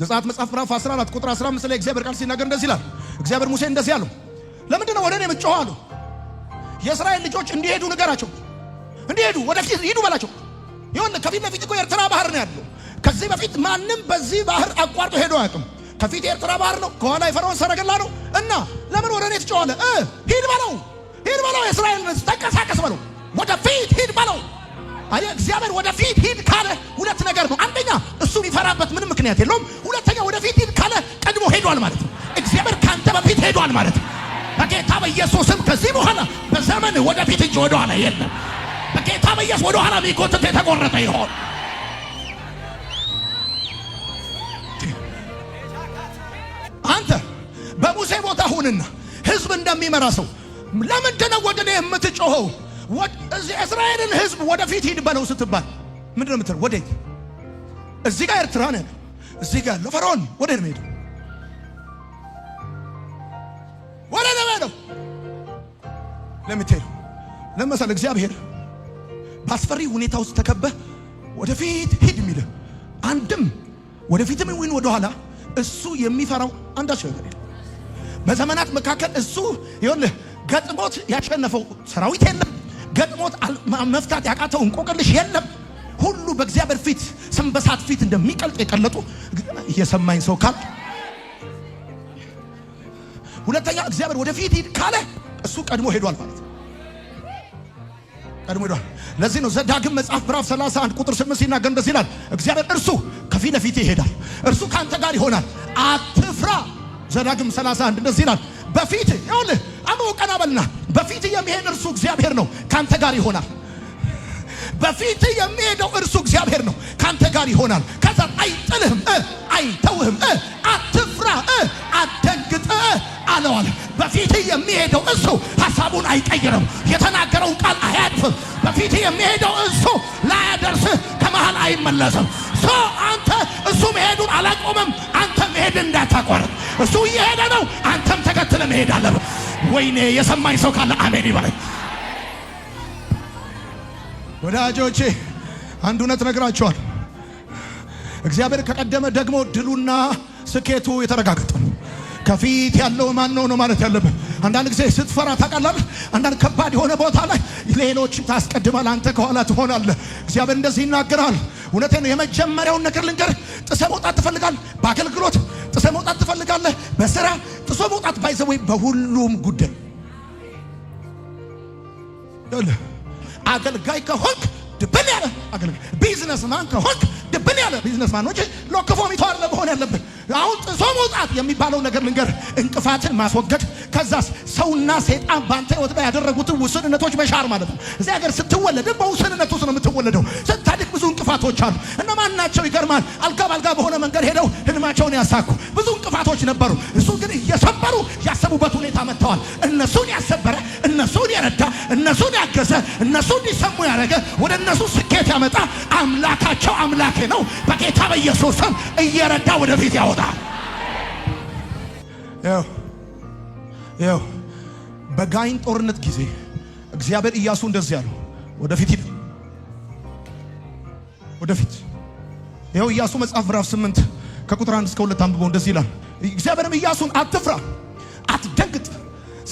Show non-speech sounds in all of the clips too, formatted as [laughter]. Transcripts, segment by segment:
ዘጸአት መጽሐፍ ምዕራፍ 14 ቁጥር 15 ላይ እግዚአብሔር ቃል ሲናገር እንደዚህ ይላል። እግዚአብሔር ሙሴ እንደዚህ አለው፣ ለምንድን ነው ወደ እኔ የምትጮኸው አለው። የእስራኤል ልጆች እንዲሄዱ ንገራቸው፣ እንዲሄዱ ወደፊት ሂዱ በላቸው። ይሁን ከፊት ለፊት እኮ የኤርትራ ባህር ነው ያለው። ከዚህ በፊት ማንም በዚህ ባህር አቋርጦ ሄዶ አያውቅም። ከፊት የኤርትራ ባህር ነው፣ ከኋላ የፈርዖን ሰረገላ ነው። እና ለምን ወደ እኔ ትጮኻለህ? ሂድ በለው፣ ሂድ በለው፣ የእስራኤል ሕዝብ ተንቀሳቀስ በለው፣ ወደፊት ሂድ በለው። አየህ፣ እግዚአብሔር ወደፊት ሂድ ካለ ሁለት ነገር ነው። አንደኛ እሱ ይፈራበት ምንም ምክንያት የለውም። ይሆናል ማለት በጌታ በኢየሱስም ከዚህ በኋላ በዘመን ወደፊት እንጂ ወደ ኋላ የለም። በጌታ በኢየሱስ ወደ ኋላ የሚጎትት የተቆረጠ ይሆን አንተ በሙሴ ቦታ ሁንና ህዝብ እንደሚመራ ሰው ለምንድነው ወደ እኔ የምትጮኸው? እስራኤልን ህዝብ ወደፊት ሂድ በለው ስትባል ምንድነው የምትለው? ወዴት? እዚህ ጋር ኤርትራ ነው እዚህ ጋር ያለው ፈርዖን ወዴት ነው ሄደው ለምትሄዱ ለመሰለ እግዚአብሔር በአስፈሪ ሁኔታ ውስጥ ተከበ ወደፊት ሂድ የሚልህ አንድም ወደፊትም ይሁን ወደኋላ እሱ የሚፈራው አንዳች ነገር የለም። በዘመናት መካከል እሱ ይኸውልህ ገጥሞት ያሸነፈው ሰራዊት የለም። ገጥሞት መፍታት ያቃተው እንቆቅልሽ የለም። ሁሉ በእግዚአብሔር ፊት ስንበሳት ፊት እንደሚቀልጥ የቀለጡ እየሰማኝ ሰው ካል ሁለተኛ እግዚአብሔር ወደፊት ሂድ ካለ እሱ ቀድሞ ሄዷል ማለት ቀድሞ ሄዷል። ለዚህ ነው ዘዳግም መጽሐፍ ምዕራፍ 31 ቁጥር 8 ሲናገር እንደዚህ ይላል፣ እግዚአብሔር እርሱ ከፊት ለፊት ይሄዳል፣ እርሱ ካንተ ጋር ይሆናል፣ አትፍራ። ዘዳግም 31 እንደዚህ ይላል፣ በፊት ይሁን አመው ቀና በልና፣ በፊት የሚሄድ እርሱ እግዚአብሔር ነው፣ ካንተ ጋር ይሆናል። በፊት የሚሄደው እርሱ እግዚአብሔር ነው፣ ካንተ ጋር ይሆናል። ከዛ አይጥልህም፣ አይተውህም፣ አትፍራ፣ አትደንግጥ ይቻለዋል። በፊት የሚሄደው እሱ ሀሳቡን አይቀይርም። የተናገረውን ቃል አያጥፍም። በፊት የሚሄደው እሱ ላያደርስህ ከመሃል አይመለስም። ሶ አንተ እሱ መሄዱን አላቆመም። አንተ መሄድ እንዳታቋርጥ። እሱ እየሄደ ነው፣ አንተም ተከትለ መሄድ አለብህ። ወይኔ የሰማኝ ሰው ካለ አሜን ይበለኝ። ወዳጆቼ አንድ እውነት ነግራቸዋል። እግዚአብሔር ከቀደመ ደግሞ ድሉና ስኬቱ የተረጋገጠ ነው። ከፊት ያለው ማን ነው ማለት ያለብህ። አንዳንድ ጊዜ ስትፈራ ታውቃለህ። አንዳንድ ከባድ የሆነ ቦታ ላይ ሌሎች ታስቀድማል፣ አንተ ከኋላ ትሆናለህ። እግዚአብሔር እንደዚህ ይናገራል። እውነቴን የመጀመሪያውን ነገር ልንገር ጥሰ መውጣት ትፈልጋል? በአገልግሎት ጥሰ መውጣት ትፈልጋለህ። በስራ ጥሶ መውጣት ባይዘወይ በሁሉም ጉዳይ አገልጋይ ከሆንክ ድብል ያለ አገልጋይ ቢዝነስ ማን ከሆንክ ድብን ያለ ቢዝነስማን ሎክፎ ሚተዋር መሆን ያለብን። አሁን ጥሶ መውጣት የሚባለው ነገር ልንገር፣ እንቅፋትን ማስወገድ፣ ከዛስ ሰውና ሰይጣን በአንተ ህይወት ላይ ያደረጉትን ውስንነቶች መሻር ማለት ነው። እዚህ ሀገር ስትወለድም በውስንነት ውስጥ ነው የምትወለደው። ስታድግ ብዙ እንቅፋቶች አሉ። እነማን ናቸው? ይገርማል። አልጋ ባልጋ በሆነ መንገድ ሄደው ህልማቸውን ያሳኩ ብዙ እንቅፋቶች ነበሩ። እሱ ግን እየሰበሩ ያሰቡበት ሁኔታ መጥተዋል። እነሱን ያሰበረ እነሱን የረዳ ያነገሰ እነሱ እንዲሰሙ ያደረገ ወደ እነሱ ስኬት ያመጣ አምላካቸው አምላኬ ነው። በጌታ በኢየሱስ ስም እየረዳ ወደፊት ያወጣል። ው በጋይን ጦርነት ጊዜ እግዚአብሔር ኢያሱ እንደዚህ ያለው ወደፊት ሂድ፣ ወደፊት ይኸው ኢያሱ መጽሐፍ ምዕራፍ ስምንት ከቁጥር አንድ እስከ ሁለት አንብቦ እንደዚህ ይላል። እግዚአብሔርም ኢያሱን አትፍራ፣ አትደንግጥ፣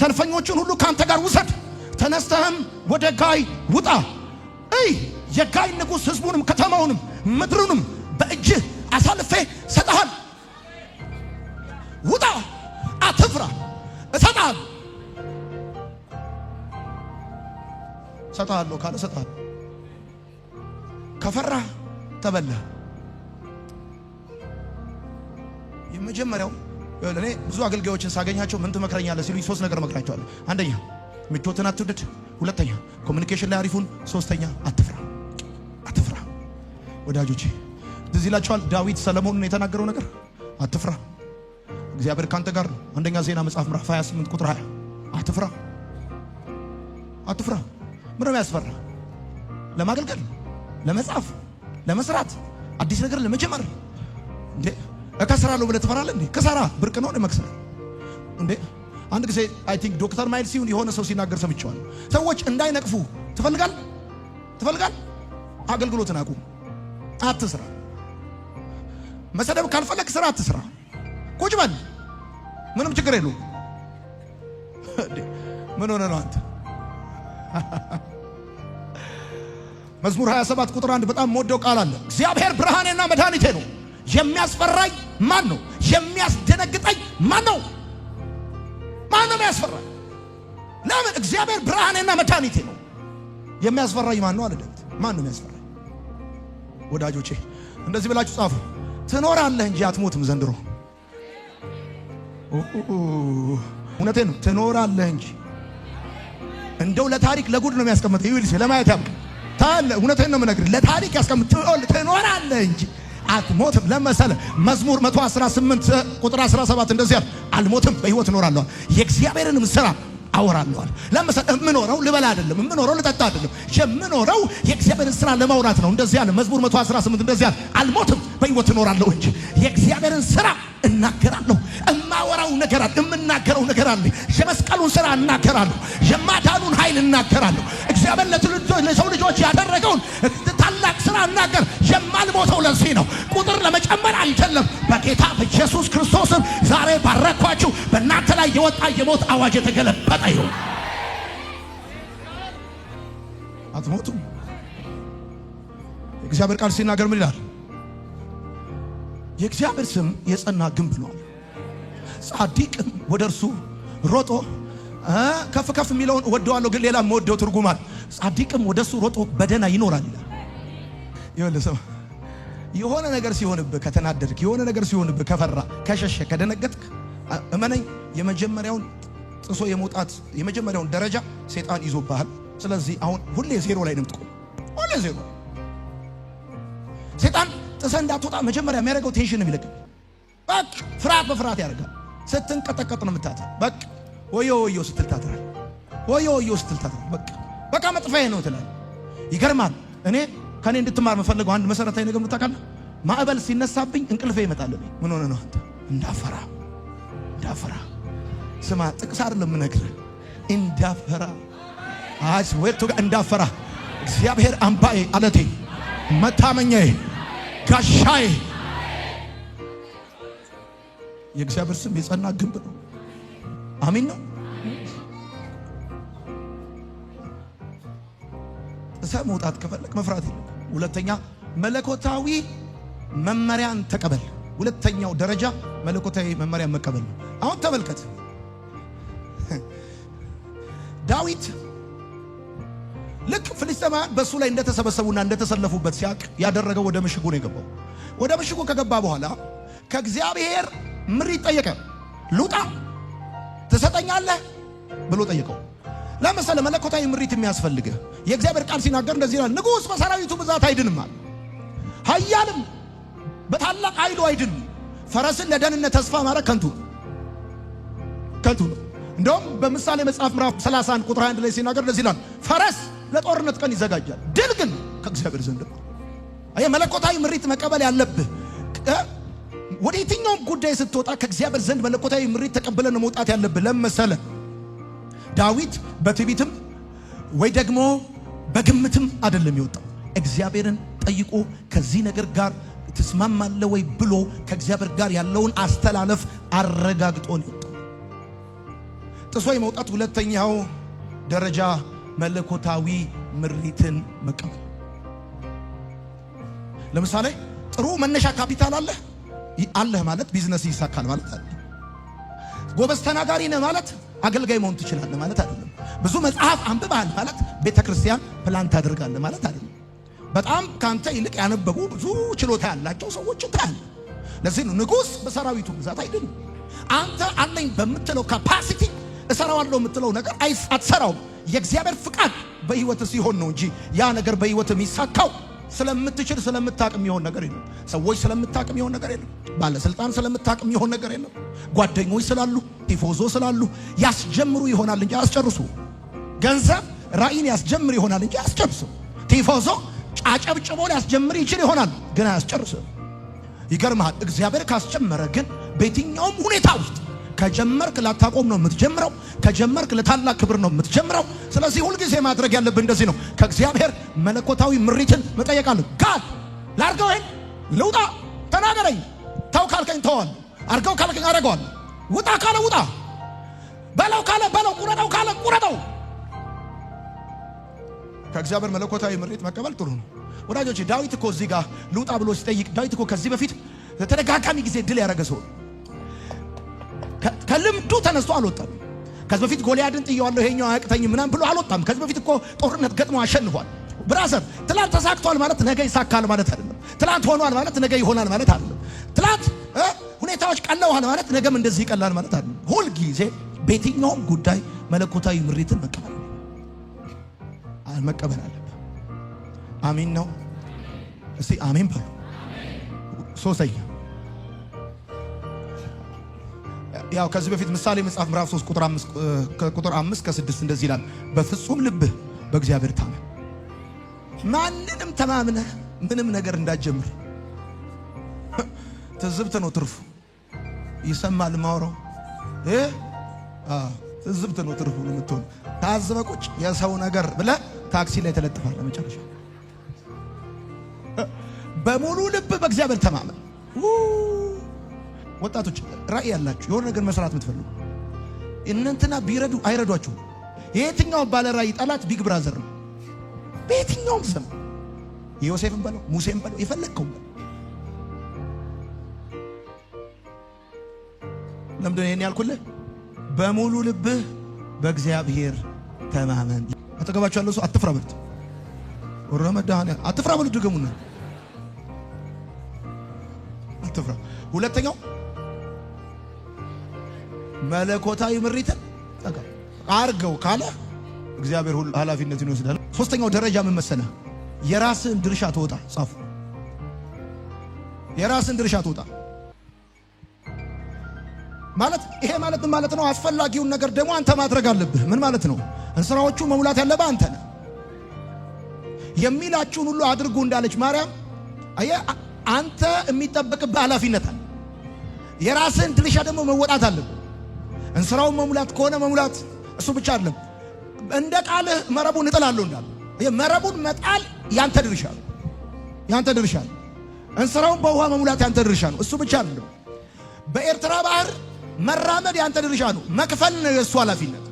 ሰልፈኞቹን ሁሉ ከአንተ ጋር ውሰድ ተነስተህም ወደ ጋይ ውጣ እይ የጋይ ንጉሥ ሕዝቡንም ከተማውንም ምድሩንም በእጅህ አሳልፌ ሰጠሃል። ውጣ፣ አትፍራ፣ እሰጣል ሰጥሃለሁ ካለ ሰጥሃል። ከፈራ ተበላህ። የመጀመሪያው እኔ ብዙ አገልጋዮችን ሳገኛቸው ምን ትመክረኛለህ ሲሉኝ ሶስት ነገር እመክራቸዋለሁ። አንደኛ ምቾትን አትውደድ። ሁለተኛ ኮሚኒኬሽን ላይ አሪፉን። ሶስተኛ አትፍራ፣ አትፍራ። ወዳጆቼ ትዝ ይላችኋል ዳዊት ሰለሞንን የተናገረው ነገር አትፍራ፣ እግዚአብሔር ካንተ ጋር ነው። አንደኛ ዜና መጽሐፍ ምዕራፍ 28 ቁጥር 20 አትፍራ፣ አትፍራ። ምንም ያስፈራ ለማገልገል፣ ለመጻፍ፣ ለመስራት፣ አዲስ ነገር ለመጀመር እንዴ እከስራለሁ ብለህ ትፈራለህ እንዴ? ከሰራ ብርቅ ነው መክሰር እንዴ? አንድ ጊዜ አይ ቲንክ ዶክተር ማይል ሲሆን የሆነ ሰው ሲናገር ሰምቼዋለሁ። ሰዎች እንዳይነቅፉ ትፈልጋል ትፈልጋል አገልግሎትን አቁም፣ አትስራ። መሰደብ ካልፈለግ ስራ አትስራ፣ ቁጭ በል፣ ምንም ችግር የለው? ምን ሆነ ነው አንተ? መዝሙር 27 ቁጥር አንድ በጣም ወደው ቃል አለ። እግዚአብሔር ብርሃኔና መድኃኒቴ ነው፣ የሚያስፈራኝ ማን ነው? የሚያስደነግጠኝ ማን ነው? ማን ነው የሚያስፈራ? ለምን? እግዚአብሔር ብርሃኔና መድኃኒቴ ነው። የሚያስፈራኝ ማን ነው አለ ማን ነው የሚያስፈራ? ወዳጆቼ እንደዚህ ብላችሁ ጻፉ። ትኖራለህ እንጂ አትሞትም ዘንድሮ። እውነቴ ነው። ትኖራለህ እንጂ እንደው ለታሪክ ለጉድ ነው የሚያስቀምጥ ይልስ ለማየት ያም ታለ እውነቴን ነው የምነግርህ። ለታሪክ ያስቀምጥ ትኖራለህ እንጂ አትሞትም ለመሰለ መዝሙር 118 ቁጥር 17 እንደዚህ ያለ አልሞትም በህይወት እኖራለሁ የእግዚአብሔርንም ስራ አወራለዋል ለምሳሌ የምኖረው ልበላ አይደለም፣ የምኖረው ልጠጣ አይደለም፣ የምኖረው የእግዚአብሔርን ስራ ለማውራት ነው። እንደዚህ ያለ መዝሙር 118 እንደዚህ ያለ አልሞትም በህይወት እኖራለሁ እንጂ የእግዚአብሔርን ስራ እናገራለሁ። እማወራው ነገር አለ፣ የምናገረው ነገር አለ። የመስቀሉን ስራ እናገራለሁ፣ የማዳኑን ኃይል እናገራለሁ። እግዚአብሔር ለሰው ልጆች ያደረገውን ታላቅ ስራ እናገር። የማልሞተው ለዚህ ነው። ቁጥር ለመጨመር አልችልም። በጌታ በኢየሱስ ክርስቶስም ዛሬ ባረኳችሁ። በእናንተ ላይ የወጣ የሞት አዋጅ የተገለበጠ ይሁን። አትሞቱም። የእግዚአብሔር ቃል ሲናገር ምን ይላል? የእግዚአብሔር ስም የጸና ግንብ ነው። ጻድቅም ወደ እርሱ ሮጦ ከፍ ከፍ የሚለውን እወደዋለሁ፣ ግን ሌላ የምወደው ትርጉማል ጻድቅም ወደ እሱ ሮጦ በደና ይኖራል ይላል። የሆነ ነገር ሲሆንብህ ከተናደድክ፣ የሆነ ነገር ሲሆንብህ ከፈራ፣ ከሸሸ፣ ከደነገጥክ እመነኝ የመጀመሪያውን ጥሶ የመውጣት የመጀመሪያውን ደረጃ ሴጣን ይዞብሃል። ስለዚህ አሁን ሁሌ ዜሮ ላይ ነው የምትቆም። ሁሌ ዜሮ ሴጣን ጥሰ እንዳትወጣ መጀመሪያ የሚያደርገው ቴንሽን የሚለቅ በቃ ፍርሃት በፍርሃት ያደርጋል። ስትንቀጠቀጥ ነው የምታታ በቃ ወዮ ወዮ ስትል ታጥራል። ወዮ ወዮ ስትል ታጥራል። በቃ በቃ መጥፋዬ ነው ትላል። ይገርማል። እኔ ከኔ እንድትማር የምፈልገው አንድ መሰረታዊ ነገር ነው። ታውቃለህ፣ ማዕበል ሲነሳብኝ እንቅልፌ ይመጣል። ምን ሆነ ነው አንተ እንዳፈራ እንዳፈራ። ስማ ጥቅስ አይደለም የምነግርህ፣ እንዳፈራ አስ ወጥቶ እንዳፈራ እግዚአብሔር አምባዬ፣ አለቴ፣ መታመኛዬ፣ ጋሻዬ የእግዚአብሔር ስም የጸና ግንብ ነው። አሚን ነው። ጥሰህ መውጣት ከፈለግ መፍራት የለም። ሁለተኛ መለኮታዊ መመሪያን ተቀበል። ሁለተኛው ደረጃ መለኮታዊ መመሪያን መቀበል ነው። አሁን ተመልከት ዳዊት ልክ ፍልስጤማውያን በእሱ ላይ እንደተሰበሰቡና እንደተሰለፉበት ሲያቅ ያደረገው ወደ ምሽጉ ነው የገባው። ወደ ምሽጉ ከገባ በኋላ ከእግዚአብሔር ምሪት ጠየቀ። ልውጣ ትሰጠኛለህ ብሎ ጠይቀው ለምሳሌ መለኮታዊ ምሪት የሚያስፈልግህ የእግዚአብሔር ቃል ሲናገር እንደዚህ ይላል፣ ንጉሥ በሰራዊቱ ብዛት አለ። ኃያልም በታላቅ ኃይሉ አይድንም። ፈረስን ለደህንነት ተስፋ ማድረግ ከንቱ ከንቱ ነው። እንደውም በምሳሌ መጽሐፍ ምዕራፍ 31 ቁጥር 1 ላይ ሲናገር እንደዚህ ይላል፣ ፈረስ ለጦርነት ቀን ይዘጋጃል፣ ድል ግን ከእግዚአብሔር ዘንድ ነው። መለኮታዊ ምሪት መቀበል ያለብህ ወደ የትኛውም ጉዳይ ስትወጣ ከእግዚአብሔር ዘንድ መለኮታዊ ምሪት ተቀብለን መውጣት ያለብን። ለመሰለ ዳዊት በትዕቢትም ወይ ደግሞ በግምትም አይደለም የወጣው። እግዚአብሔርን ጠይቆ ከዚህ ነገር ጋር ትስማማለ ወይ ብሎ ከእግዚአብሔር ጋር ያለውን አስተላለፍ አረጋግጦ ነው የወጣው። ጥሶ የመውጣት ሁለተኛው ደረጃ መለኮታዊ ምሪትን መቀበል። ለምሳሌ ጥሩ መነሻ ካፒታል አለ። አለህ ማለት ቢዝነስ ይሳካል ማለት አይደለም። ጎበዝ ተናጋሪ ነህ ማለት አገልጋይ መሆን ትችላለህ ማለት አይደለም። ብዙ መጽሐፍ አንብበሃል ማለት ቤተ ክርስቲያን ፕላን ታደርጋለህ ማለት አይደለም። በጣም ከአንተ ይልቅ ያነበቡ ብዙ ችሎታ ያላቸው ሰዎች ታያለህ። ለዚህ ነው ንጉሥ በሰራዊቱ ብዛት አይደለም። አንተ አለኝ በምትለው ካፓሲቲ እሰራዋለሁ የምትለው ነገር አትሰራውም። የእግዚአብሔር ፍቃድ በህይወት ሲሆን ነው እንጂ ያ ነገር በህይወት የሚሳካው ስለምትችል ስለምታቅም የሆን ነገር የለም። ሰዎች ስለምታቅም የሆን ነገር የለም። ባለስልጣን ስለምታቅም የሆን ነገር የለም። ጓደኞች ስላሉ፣ ቲፎዞ ስላሉ ያስጀምሩ ይሆናል እንጂ አያስጨርሱ። ገንዘብ ራእይን ያስጀምር ይሆናል እንጂ አያስጨርሱ። ቲፎዞ ጫጨብጭቦ ሊያስጀምር ይችል ይሆናል ግን አያስጨርስም። ይገርመሃል፣ እግዚአብሔር ካስጀመረ ግን በየትኛውም ሁኔታ ውስጥ ከጀመርክ ላታቆም ነው የምትጀምረው። ከጀመርክ ለታላቅ ክብር ነው የምትጀምረው። ስለዚህ ሁልጊዜ ማድረግ ያለብህ እንደዚህ ነው። ከእግዚአብሔር መለኮታዊ ምሪትን መጠየቃለሁ። ጋድ ላርገው፣ ይህን ልውጣ፣ ተናገረኝ። ተው ካልከኝ ተዋል፣ አርገው ካልከኝ አረገዋል። ውጣ ካለ ውጣ፣ በለው ካለ በለው፣ ቁረጠው ካለ ቁረጠው። ከእግዚአብሔር መለኮታዊ ምሪት መቀበል ጥሩ ነው ወዳጆች። ዳዊት እኮ እዚህ ጋር ልውጣ ብሎ ሲጠይቅ ዳዊት እኮ ከዚህ በፊት ለተደጋጋሚ ጊዜ ድል ያደረገ ሰው ከልምዱ ተነስቶ አልወጣም። ከዚህ በፊት ጎልያድን ጥየዋለሁ ይሄኛው አያቅተኝም ምናምን ብሎ አልወጣም። ከዚህ በፊት እኮ ጦርነት ገጥሞ አሸንፏል። ብራዘር ትላንት ተሳክቷል ማለት ነገ ይሳካል ማለት አይደለም። ትላንት ሆኗል ማለት ነገ ይሆናል ማለት አይደለም። ትላንት ሁኔታዎች ቀለዋል ማለት ነገም እንደዚህ ይቀላል ማለት አይደለም። ሁልጊዜ ጊዜ በየትኛውም ጉዳይ መለኮታዊ ምሪትን መቀበል አልመቀበል አለብን። አሚን ነው። እስቲ አሜን በሉ። ሶስተኛ ያው ከዚህ በፊት ምሳሌ መጽሐፍ ምዕራፍ 3 ቁጥር 5 ቁጥር 5 ከ6 እንደዚህ ይላል፣ በፍጹም ልብህ በእግዚአብሔር ታመን። ማንንም ተማምነህ ምንም ነገር እንዳትጀምር። [laughs] ትዝብት ነው ትርፉ። ይሰማል ማውራው እ ትዝብት ነው ትርፉ የምትሆን ታዝበህ ቁጭ የሰው ነገር ብለህ ታክሲ ላይ ተለጥፋል። ለመጨረሻ [laughs] በሙሉ ልብ በእግዚአብሔር ተማመን። ወጣቶች ራእይ ያላችሁ የሆነ ነገር መስራት የምትፈልጉ እነንትና ቢረዱ አይረዷችሁ። የየትኛውም ባለ ራእይ ጠላት ቢግ ብራዘር ነው። በየትኛውም ስም የዮሴፍን በለው ሙሴን በለው የፈለግከው ለምድ ይህን ያልኩልህ? በሙሉ ልብህ በእግዚአብሔር ተማመን። አጠገባችሁ ያለው ሰው አትፍራ በሉት። ረመዳን አትፍራ በሉት። ድገሙና አትፍራ። ሁለተኛው መለኮታዊ ምሪትን አርገው ካለ እግዚአብሔር ሁሉ ኃላፊነትን ይወስዳል። ሶስተኛው ደረጃ ምን መሰለህ? የራስን ድርሻ ትወጣ ጻፉ። የራስን ድርሻ ትወጣ ማለት ይሄ ማለት ምን ማለት ነው? አስፈላጊውን ነገር ደግሞ አንተ ማድረግ አለብህ። ምን ማለት ነው? እንስራዎቹ መሙላት ያለብህ አንተ ነህ። የሚላችሁን ሁሉ አድርጉ እንዳለች ማርያም፣ አየህ አንተ የሚጠበቅብህ ኃላፊነት አለ። የራስን ድርሻ ደግሞ መወጣት አለብህ። እንስራውን መሙላት ከሆነ መሙላት። እሱ ብቻ አይደለም፣ እንደ ጣልህ መረቡን እጥላለሁ እንዳለ መረቡን መጣል ያንተ ድርሻ ነው። ያንተ ድርሻ ነው። እንስራውን በውሃ መሙላት ያንተ ድርሻ ነው። እሱ ብቻ አይደለም፣ በኤርትራ ባህር መራመድ ያንተ ድርሻ ነው። መክፈል ነው የእሱ ኃላፊነት።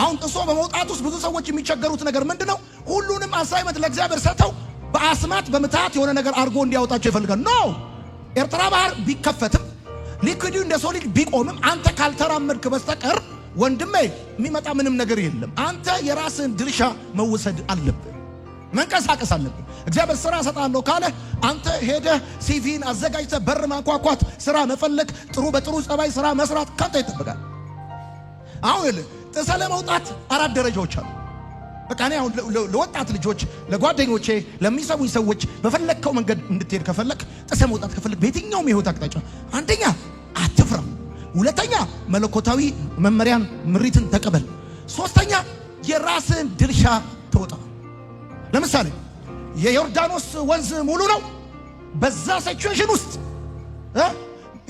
አሁን ጥሶ በመውጣት ውስጥ ብዙ ሰዎች የሚቸገሩት ነገር ምንድን ነው? ሁሉንም አሳይመንት ለእግዚአብሔር ሰጥተው በአስማት በምትሃት የሆነ ነገር አድርጎ እንዲያወጣቸው ይፈልጋል። ኖ ኤርትራ ባህር ቢከፈትም ሊክዱ እንደ ሶሊድ ቢቆምም አንተ ካልተራመድክ በስተቀር ወንድሜ የሚመጣ ምንም ነገር የለም። አንተ የራስን ድርሻ መውሰድ አለብህ፣ መንቀሳቀስ አለብህ። እግዚአብሔር ስራ እሰጥሃለሁ ካለ አንተ ሄደህ ሲቪን አዘጋጅተህ በር ማንኳኳት፣ ስራ መፈለግ፣ ጥሩ በጥሩ ጸባይ ስራ መስራት ካንተ ይጠበቃል። አሁን ጥሰህ ለመውጣት አራት ደረጃዎች አሉ። በቃ እኔ አሁን ለወጣት ልጆች፣ ለጓደኞቼ፣ ለሚሰቡኝ ሰዎች በፈለግከው መንገድ እንድትሄድ ከፈለግ ጥሰ መውጣት ከፈለግ በየትኛውም የህይወት አቅጣጫ አንደኛ አትፍራ፣ ሁለተኛ መለኮታዊ መመሪያን ምሪትን ተቀበል፣ ሶስተኛ የራስን ድርሻ ተወጣ። ለምሳሌ የዮርዳኖስ ወንዝ ሙሉ ነው። በዛ ሲቹዌሽን ውስጥ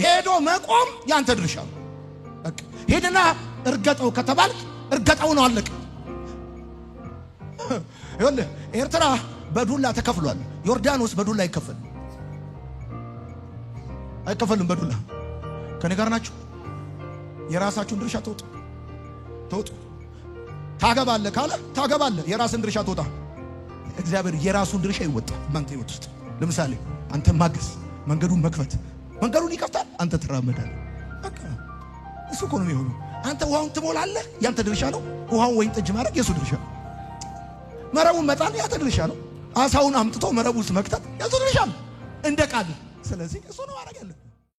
ሄዶ መቆም ያንተ ድርሻ ነው። ሄድና እርገጠው ከተባልክ እርገጠው ነው፣ አለቅ [coughs] ኤርትራ በዱላ ተከፍሏል። ዮርዳኖስ በዱላ አይከፈል አይከፈልም። በዱላ ከኔ ጋር ናችሁ። የራሳችሁን ድርሻ ተወጡ ተወጡ። ታገባለ ካለ ታገባለ፣ የራስን ድርሻ ተወጣ። እግዚአብሔር የራሱን ድርሻ ይወጣ። በአንተ ህይወት ውስጥ ለምሳሌ አንተ ማገዝ፣ መንገዱን መክፈት፣ መንገዱን ይከፍታል። አንተ ትራመዳል። በቃ እሱ እኮ ነው የሚሆነው። አንተ ውሃውን ትሞላለህ፣ ያንተ ድርሻ ነው። ውሃውን ወይን ጠጅ ማድረግ የእሱ ድርሻ ነው። መረቡን መጣል የአተት ድርሻ ነው። አሳውን አምጥቶ መረቡ ውስጥ መክተት የሱ ድርሻ ነው እንደ ቃል። ስለዚህ እሱ ነው አረጋለሁ